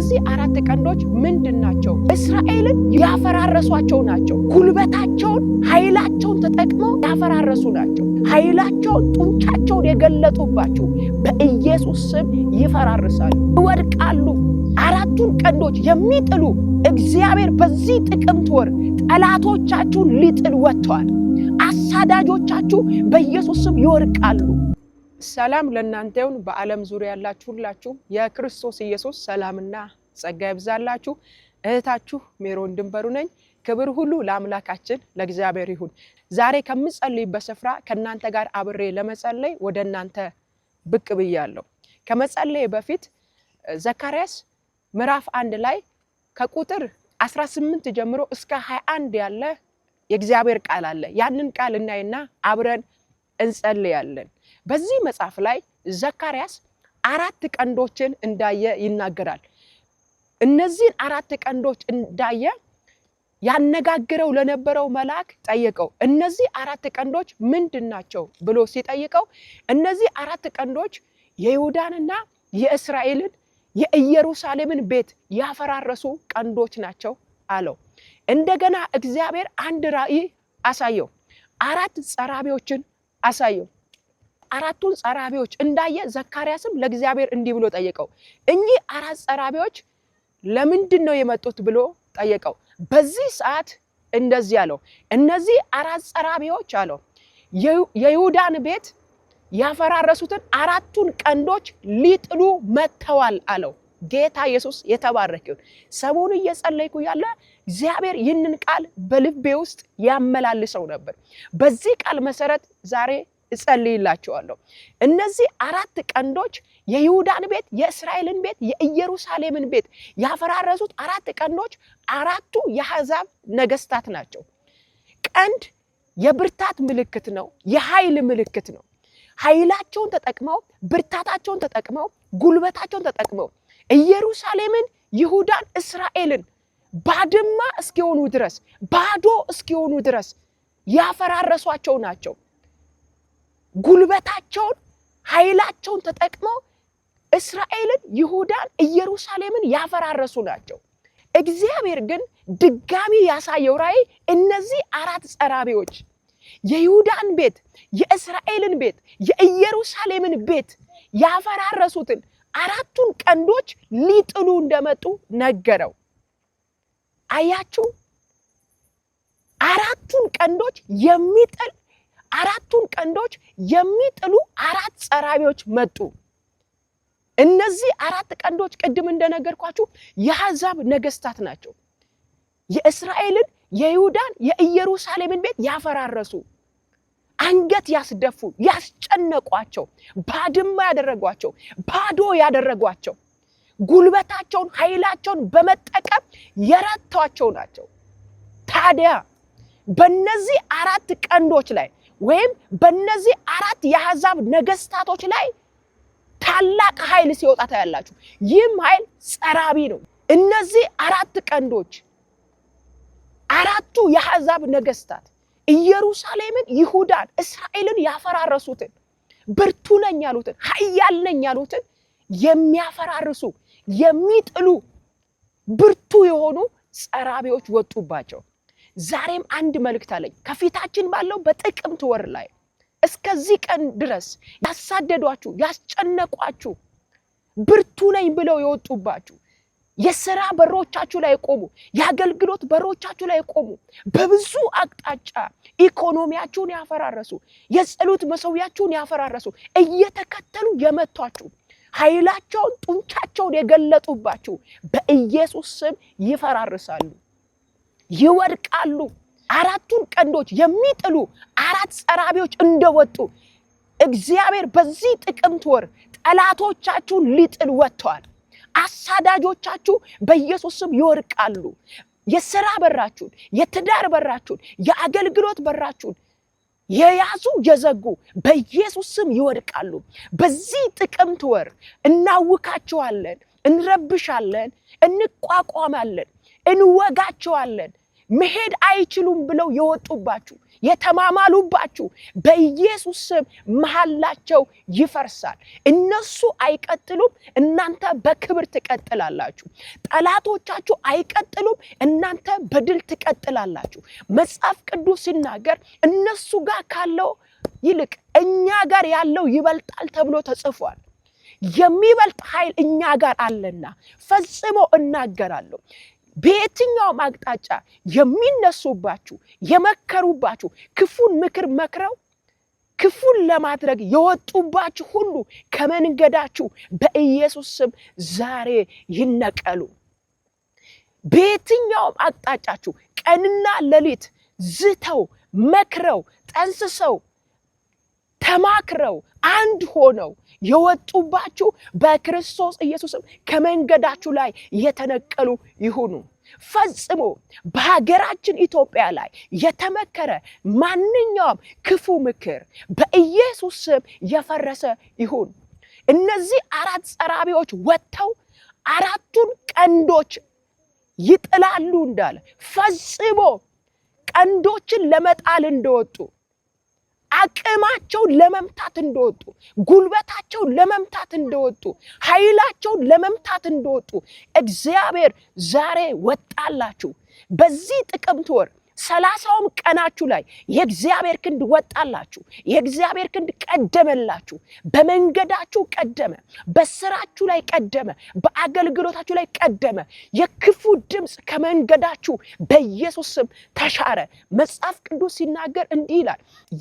እነዚህ አራት ቀንዶች ምንድን ናቸው? እስራኤልን ያፈራረሷቸው ናቸው። ጉልበታቸውን፣ ኃይላቸውን ተጠቅመው ያፈራረሱ ናቸው። ኃይላቸውን፣ ጡንቻቸውን የገለጡባቸው በኢየሱስ ስም ይፈራርሳሉ፣ ይወድቃሉ። አራቱን ቀንዶች የሚጥሉ እግዚአብሔር በዚህ ጥቅምት ወር ጠላቶቻችሁን ሊጥል ወጥተዋል። አሳዳጆቻችሁ በኢየሱስ ስም ይወድቃሉ። ሰላም ለእናንተ ይሁን። በዓለም ዙሪያ ያላችሁ ሁላችሁ የክርስቶስ ኢየሱስ ሰላምና ጸጋ ይብዛላችሁ። እህታችሁ ሜሮን ድንበሩ ነኝ። ክብር ሁሉ ለአምላካችን ለእግዚአብሔር ይሁን። ዛሬ ከምጸልይበት ስፍራ ከእናንተ ጋር አብሬ ለመጸለይ ወደ እናንተ ብቅ ብያለሁ። ከመጸለይ በፊት ዘካርያስ ምዕራፍ አንድ ላይ ከቁጥር 18 ጀምሮ እስከ 21 ያለ የእግዚአብሔር ቃል አለ። ያንን ቃል እናይና አብረን እንጸልያለን። በዚህ መጽሐፍ ላይ ዘካርያስ አራት ቀንዶችን እንዳየ ይናገራል። እነዚህን አራት ቀንዶች እንዳየ ያነጋግረው ለነበረው መልአክ ጠየቀው። እነዚህ አራት ቀንዶች ምንድን ናቸው ብሎ ሲጠይቀው እነዚህ አራት ቀንዶች የይሁዳንና የእስራኤልን የኢየሩሳሌምን ቤት ያፈራረሱ ቀንዶች ናቸው አለው። እንደገና እግዚአብሔር አንድ ራእይ አሳየው። አራት ጸራቢዎችን አሳየው። አራቱን ጸራቢዎች እንዳየ ዘካርያስም ለእግዚአብሔር እንዲህ ብሎ ጠየቀው። እኚህ አራት ጸራቢዎች ለምንድን ነው የመጡት ብሎ ጠየቀው። በዚህ ሰዓት እንደዚህ አለው፣ እነዚህ አራት ጸራቢዎች አለው የይሁዳን ቤት ያፈራረሱትን አራቱን ቀንዶች ሊጥሉ መጥተዋል አለው። ጌታ ኢየሱስ የተባረክ ይሁን። እየጸለይኩ ያለ እግዚአብሔር ይህንን ቃል በልቤ ውስጥ ያመላልሰው ነበር። በዚህ ቃል መሰረት ዛሬ እጸልይላቸዋለሁ። እነዚህ አራት ቀንዶች የይሁዳን ቤት፣ የእስራኤልን ቤት፣ የኢየሩሳሌምን ቤት ያፈራረሱት አራት ቀንዶች አራቱ የአሕዛብ ነገስታት ናቸው። ቀንድ የብርታት ምልክት ነው። የኃይል ምልክት ነው። ኃይላቸውን ተጠቅመው ብርታታቸውን ተጠቅመው ጉልበታቸውን ተጠቅመው ኢየሩሳሌምን፣ ይሁዳን፣ እስራኤልን ባድማ እስኪሆኑ ድረስ ባዶ እስኪሆኑ ድረስ ያፈራረሷቸው ናቸው። ጉልበታቸውን፣ ኃይላቸውን ተጠቅመው እስራኤልን፣ ይሁዳን፣ ኢየሩሳሌምን ያፈራረሱ ናቸው። እግዚአብሔር ግን ድጋሚ ያሳየው ራእይ እነዚህ አራት ጸራቢዎች የይሁዳን ቤት፣ የእስራኤልን ቤት፣ የኢየሩሳሌምን ቤት ያፈራረሱትን አራቱን ቀንዶች ሊጥሉ እንደመጡ ነገረው። አያችሁ፣ አራቱን ቀንዶች የሚጥል አራቱን ቀንዶች የሚጥሉ አራት ጸራቢዎች መጡ። እነዚህ አራት ቀንዶች ቅድም እንደነገርኳችሁ የአሕዛብ ነገስታት ናቸው። የእስራኤልን፣ የይሁዳን፣ የኢየሩሳሌምን ቤት ያፈራረሱ፣ አንገት ያስደፉ፣ ያስጨነቋቸው፣ ባድማ ያደረጓቸው፣ ባዶ ያደረጓቸው፣ ጉልበታቸውን ኃይላቸውን በመጠቀም የረቷቸው ናቸው። ታዲያ በእነዚህ አራት ቀንዶች ላይ ወይም በእነዚህ አራት የአሕዛብ ነገስታቶች ላይ ታላቅ ኃይል ሲወጣ ታያላችሁ። ይህም ኃይል ጸራቢ ነው። እነዚህ አራት ቀንዶች አራቱ የአሕዛብ ነገስታት ኢየሩሳሌምን፣ ይሁዳን፣ እስራኤልን ያፈራረሱትን ብርቱ ነኝ ያሉትን ኃያል ነኝ ያሉትን የሚያፈራርሱ የሚጥሉ ብርቱ የሆኑ ጸራቢዎች ወጡባቸው። ዛሬም አንድ መልእክት አለኝ ከፊታችን ባለው በጥቅምት ወር ላይ እስከዚህ ቀን ድረስ ያሳደዷችሁ፣ ያስጨነቋችሁ፣ ብርቱ ነኝ ብለው የወጡባችሁ፣ የስራ በሮቻችሁ ላይ ቆሙ የአገልግሎት በሮቻችሁ ላይ ቆሙ በብዙ አቅጣጫ ኢኮኖሚያችሁን ያፈራረሱ፣ የጸሎት መሰዊያችሁን ያፈራረሱ፣ እየተከተሉ የመቷችሁ፣ ኃይላቸውን ጡንቻቸውን የገለጡባችሁ በኢየሱስ ስም ይፈራርሳሉ። ይወድቃሉ። አራቱን ቀንዶች የሚጥሉ አራት ጸራቢዎች እንደወጡ እግዚአብሔር በዚህ ጥቅምት ወር ጠላቶቻችሁን ሊጥል ወጥተዋል። አሳዳጆቻችሁ በኢየሱስ ስም ይወድቃሉ። የስራ በራችሁን፣ የትዳር በራችሁን፣ የአገልግሎት በራችሁን የያዙ የዘጉ በኢየሱስ ስም ይወድቃሉ። በዚህ ጥቅምት ወር እናውካቸዋለን፣ እንረብሻለን፣ እንቋቋማለን፣ እንወጋቸዋለን። መሄድ አይችሉም ብለው የወጡባችሁ የተማማሉባችሁ በኢየሱስ ስም መሃላቸው ይፈርሳል። እነሱ አይቀጥሉም፣ እናንተ በክብር ትቀጥላላችሁ። ጠላቶቻችሁ አይቀጥሉም፣ እናንተ በድል ትቀጥላላችሁ። መጽሐፍ ቅዱስ ሲናገር እነሱ ጋር ካለው ይልቅ እኛ ጋር ያለው ይበልጣል ተብሎ ተጽፏል። የሚበልጥ ኃይል እኛ ጋር አለና ፈጽሞ እናገራለሁ በየትኛውም አቅጣጫ የሚነሱባችሁ የመከሩባችሁ ክፉን ምክር መክረው ክፉን ለማድረግ የወጡባችሁ ሁሉ ከመንገዳችሁ በኢየሱስ ስም ዛሬ ይነቀሉ። በየትኛውም አቅጣጫችሁ ቀንና ሌሊት ዝተው መክረው ጠንስሰው ተማክረው አንድ ሆነው የወጡባችሁ በክርስቶስ ኢየሱስም ከመንገዳችሁ ላይ የተነቀሉ ይሁኑ። ፈጽሞ በሀገራችን ኢትዮጵያ ላይ የተመከረ ማንኛውም ክፉ ምክር በኢየሱስ ስም የፈረሰ ይሁን። እነዚህ አራት ጸራቢዎች ወጥተው አራቱን ቀንዶች ይጥላሉ እንዳለ ፈጽሞ ቀንዶችን ለመጣል እንደወጡ አቅማቸውን ለመምታት እንደወጡ፣ ጉልበታቸውን ለመምታት እንደወጡ፣ ኃይላቸውን ለመምታት እንደወጡ እግዚአብሔር ዛሬ ወጣላችሁ። በዚህ ጥቅምት ወር ሰላሳውም ቀናችሁ ላይ የእግዚአብሔር ክንድ ወጣላችሁ፣ የእግዚአብሔር ክንድ ቀደመላችሁ። በመንገዳችሁ ቀደመ፣ በስራችሁ ላይ ቀደመ፣ በአገልግሎታችሁ ላይ ቀደመ። የክፉ ድምፅ ከመንገዳችሁ በኢየሱስ ስም ተሻረ። መጽሐፍ ቅዱስ ሲናገር እንዲህ ይላል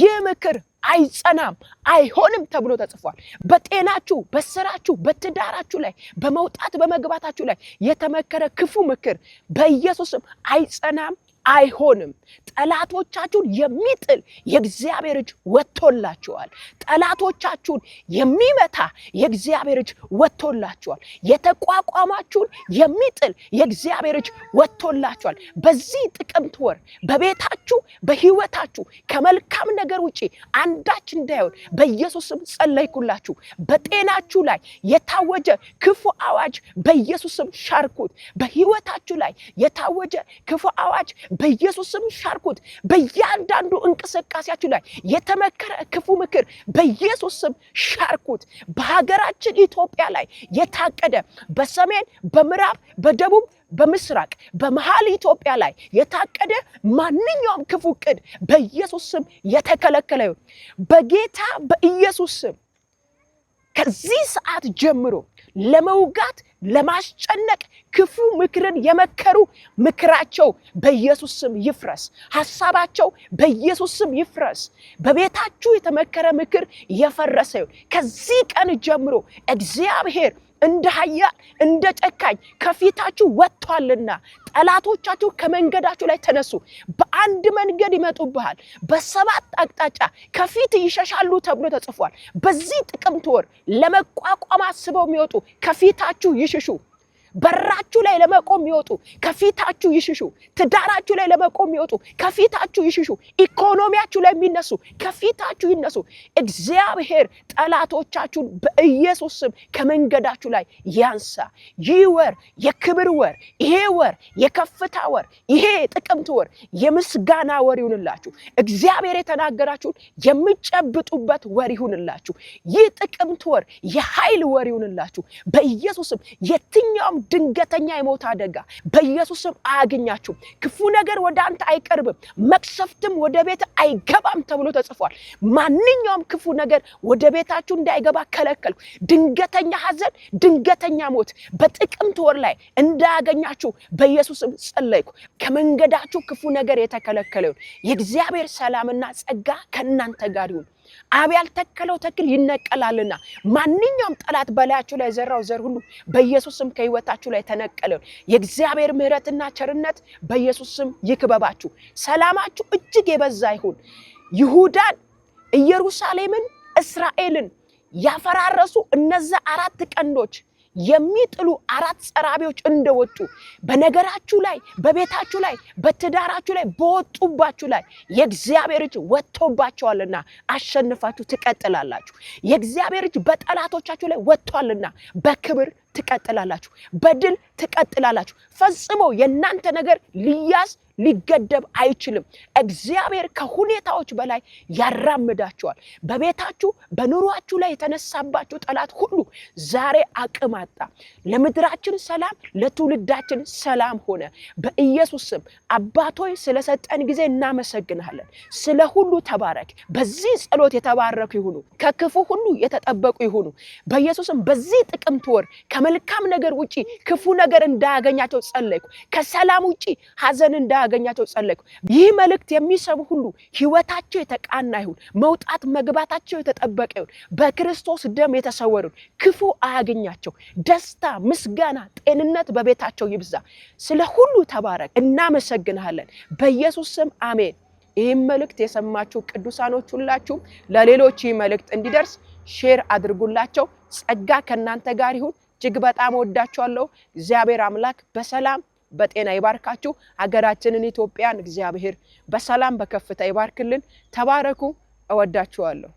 ይህ ምክር አይጸናም አይሆንም ተብሎ ተጽፏል። በጤናችሁ፣ በስራችሁ፣ በትዳራችሁ ላይ በመውጣት በመግባታችሁ ላይ የተመከረ ክፉ ምክር በኢየሱስም አይጸናም አይሆንም። ጠላቶቻችሁን የሚጥል የእግዚአብሔር እጅ ወጥቶላችኋል። ጠላቶቻችሁን የሚመታ የእግዚአብሔር እጅ ወጥቶላችኋል። የተቋቋማችሁን የሚጥል የእግዚአብሔር እጅ ወጥቶላችኋል። በዚህ ጥቅምት ወር በቤታችሁ በሕይወታችሁ ከመልካም ነገር ውጪ አንዳች እንዳይሆን በኢየሱስም ጸለይኩላችሁ። በጤናችሁ ላይ የታወጀ ክፉ አዋጅ በኢየሱስም ሻርኩት። በሕይወታችሁ ላይ የታወጀ ክፉ አዋጅ በኢየሱስ ስም ሻርኩት። በእያንዳንዱ እንቅስቃሴያችሁ ላይ የተመከረ ክፉ ምክር በኢየሱስ ስም ሻርኩት። በሀገራችን ኢትዮጵያ ላይ የታቀደ በሰሜን፣ በምዕራብ፣ በደቡብ በምስራቅ በመሃል ኢትዮጵያ ላይ የታቀደ ማንኛውም ክፉ ቅድ በኢየሱስ ስም የተከለከለ ይሁን። በጌታ በኢየሱስ ስም ከዚህ ሰዓት ጀምሮ ለመውጋት ለማስጨነቅ ክፉ ምክርን የመከሩ ምክራቸው በኢየሱስ ስም ይፍረስ። ሀሳባቸው በኢየሱስ ስም ይፍረስ። በቤታችሁ የተመከረ ምክር የፈረሰ ይሁን። ከዚህ ቀን ጀምሮ እግዚአብሔር እንደ ሀያ እንደ ጨካኝ ከፊታችሁ ወጥቷልና ጠላቶቻችሁ ከመንገዳችሁ ላይ ተነሱ። በአንድ መንገድ ይመጡብሃል፣ በሰባት አቅጣጫ ከፊት ይሸሻሉ ተብሎ ተጽፏል። በዚህ ጥቅምት ወር ለመቋቋም አስበው የሚወጡ ከፊታችሁ ይሽሹ። በራችሁ ላይ ለመቆም ይወጡ፣ ከፊታችሁ ይሽሹ። ትዳራችሁ ላይ ለመቆም ይወጡ፣ ከፊታችሁ ይሽሹ። ኢኮኖሚያችሁ ላይ የሚነሱ ከፊታችሁ ይነሱ። እግዚአብሔር ጠላቶቻችሁን በኢየሱስ ስም ከመንገዳችሁ ላይ ያንሳ። ይህ ወር የክብር ወር፣ ይሄ ወር የከፍታ ወር፣ ይሄ ጥቅምት ወር የምስጋና ወር ይሁንላችሁ። እግዚአብሔር የተናገራችሁን የምጨብጡበት ወር ይሁንላችሁ። ይህ ጥቅምት ወር የኃይል ወር ይሁንላችሁ። በኢየሱስም የትኛውም ድንገተኛ የሞት አደጋ ስም አያገኛችሁም። ክፉ ነገር ወደ አንተ አይቀርብም፣ መቅሰፍትም ወደ ቤት አይገባም ተብሎ ተጽፏል። ማንኛውም ክፉ ነገር ወደ ቤታችሁ እንዳይገባ ከለከልኩ። ድንገተኛ ሐዘን፣ ድንገተኛ ሞት በጥቅምት ወር ላይ እንዳያገኛችሁ ስም ጸለይኩ። ከመንገዳችሁ ክፉ ነገር የተከለከለ የእግዚአብሔር ሰላምና ጸጋ ከእናንተ ጋር ይሁን። አብ ያልተከለው ተክል ይነቀላልና ማንኛውም ጠላት በላያችሁ ላይ ዘራው ዘር ሁሉ በኢየሱስ ስም ከህይወታችሁ ላይ ተነቀለ። የእግዚአብሔር ምሕረትና ቸርነት በኢየሱስ ስም ይክበባችሁ። ሰላማችሁ እጅግ የበዛ ይሁን። ይሁዳን፣ ኢየሩሳሌምን፣ እስራኤልን ያፈራረሱ እነዛ አራት ቀንዶች የሚጥሉ አራት ጸራቢዎች እንደወጡ በነገራችሁ ላይ በቤታችሁ ላይ በትዳራችሁ ላይ በወጡባችሁ ላይ የእግዚአብሔር እጅ ወጥቶባቸዋልና አሸንፋችሁ ትቀጥላላችሁ። የእግዚአብሔር እጅ በጠላቶቻችሁ ላይ ወጥቷልና በክብር ትቀጥላላችሁ፣ በድል ትቀጥላላችሁ። ፈጽሞ የእናንተ ነገር ሊያዝ ሊገደብ አይችልም። እግዚአብሔር ከሁኔታዎች በላይ ያራምዳችኋል። በቤታችሁ በኑሯችሁ ላይ የተነሳባችሁ ጠላት ሁሉ ዛሬ አቅም አጣ። ለምድራችን ሰላም፣ ለትውልዳችን ሰላም ሆነ። በኢየሱስ ስም አባቶይ ስለሰጠን ጊዜ እናመሰግናለን። ስለ ሁሉ ተባረክ። በዚህ ጸሎት የተባረኩ ይሁኑ፣ ከክፉ ሁሉ የተጠበቁ ይሁኑ። በኢየሱስም በዚህ ጥቅምት ወር ከመልካም ነገር ውጪ ክፉ ነገር እንዳያገኛቸው ጸለይኩ። ከሰላም ውጪ ሀዘን እንዳ እንዳገኛቸው ጸለይኩ። ይህ መልእክት የሚሰሙ ሁሉ ህይወታቸው የተቃና ይሁን፣ መውጣት መግባታቸው የተጠበቀ ይሁን፣ በክርስቶስ ደም የተሰወሩን ክፉ አያገኛቸው፣ ደስታ፣ ምስጋና፣ ጤንነት በቤታቸው ይብዛ። ስለ ሁሉ ተባረክ። እናመሰግንሃለን። በኢየሱስ ስም አሜን። ይህም መልእክት የሰማችሁ ቅዱሳኖች ሁላችሁም ለሌሎች ይህ መልእክት እንዲደርስ ሼር አድርጉላቸው። ጸጋ ከእናንተ ጋር ይሁን። እጅግ በጣም ወዳችኋለሁ። እግዚአብሔር አምላክ በሰላም በጤና ይባርካችሁ። ሀገራችንን ኢትዮጵያን እግዚአብሔር በሰላም በከፍታ ይባርክልን። ተባረኩ። እወዳችኋለሁ።